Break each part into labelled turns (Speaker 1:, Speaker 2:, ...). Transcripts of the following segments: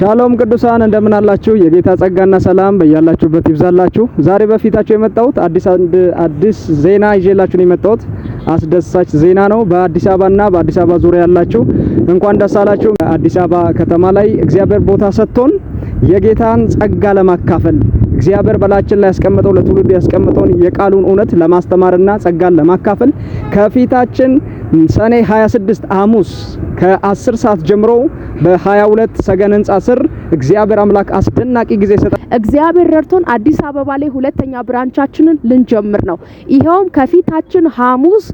Speaker 1: ሻሎም ቅዱሳን እንደምን አላችሁ? የጌታ ጸጋና ሰላም በያላችሁበት ይብዛላችሁ። ዛሬ በፊታችሁ የመጣሁት አዲስ አንድ አዲስ ዜና ይዤላችሁ ነው የመጣሁት። አስደሳች ዜና ነው። በአዲስ አበባና በአዲስ አበባ ዙሪያ ያላችሁ እንኳን ደስ አላችሁ። አዲስ አበባ ከተማ ላይ እግዚአብሔር ቦታ ሰጥቶን የጌታን ጸጋ ለማካፈል እግዚአብሔር በላችን ላይ ያስቀመጠው ለትውልድ ያስቀመጠውን የቃሉን እውነት ለማስተማርና ጸጋን ለማካፈል ከፊታችን ሰኔ 26 ሐሙስ ከ10 ሰዓት ጀምሮ በ22 ሰገን ህንፃ ስር እግዚአብሔር አምላክ አስደናቂ ጊዜ ይሰጣል።
Speaker 2: እግዚአብሔር ረድቶን አዲስ አበባ ላይ ሁለተኛ ብራንቻችንን ልንጀምር ነው። ይኸውም ከፊታችን ሐሙስ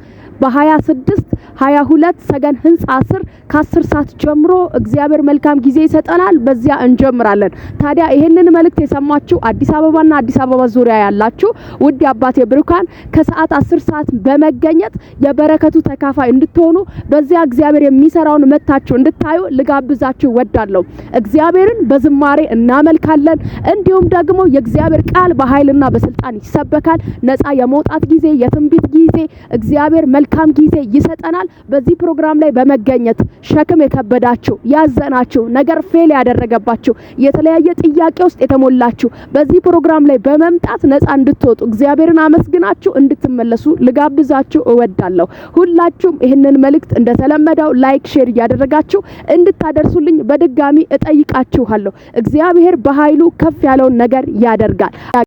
Speaker 2: በ26 22 ሰገን ህንፃ ስር ከ10 ሰዓት ጀምሮ እግዚአብሔር መልካም ጊዜ ይሰጠናል። በዚያ እንጀምራለን። ታዲያ ይህንን መልእክት የሰማችሁ አዲስ አበባና አዲስ አበባ ዙሪያ ያላችሁ ውድ አባቴ ብሩካን ከሰዓት 10 ሰዓት በመገኘት የበረከቱ ተካፋይ እንድትሆኑ በዚያ እግዚአብሔር የሚሰራውን መታችሁ እንድታዩ ልጋብዛችሁ ወዳለሁ። እግዚአብሔርን በዝማሬ እናመልካለን። እንዲሁም ደግሞ የእግዚአብሔር ቃል በኃይልና በስልጣን ይሰበካል። ነፃ የመውጣት ጊዜ፣ የትንቢት ጊዜ እግዚአብሔር መልካም መልካም ጊዜ ይሰጠናል። በዚህ ፕሮግራም ላይ በመገኘት ሸክም የከበዳችሁ፣ ያዘናችሁ፣ ነገር ፌል ያደረገባችሁ፣ የተለያየ ጥያቄ ውስጥ የተሞላችሁ በዚህ ፕሮግራም ላይ በመምጣት ነፃ እንድትወጡ እግዚአብሔርን አመስግናችሁ እንድትመለሱ ልጋብዛችሁ እወዳለሁ። ሁላችሁም ይህንን መልእክት እንደተለመደው ላይክ፣ ሼር እያደረጋችሁ እንድታደርሱልኝ በድጋሚ እጠይቃችኋለሁ። እግዚአብሔር በኃይሉ ከፍ ያለውን ነገር ያደርጋል።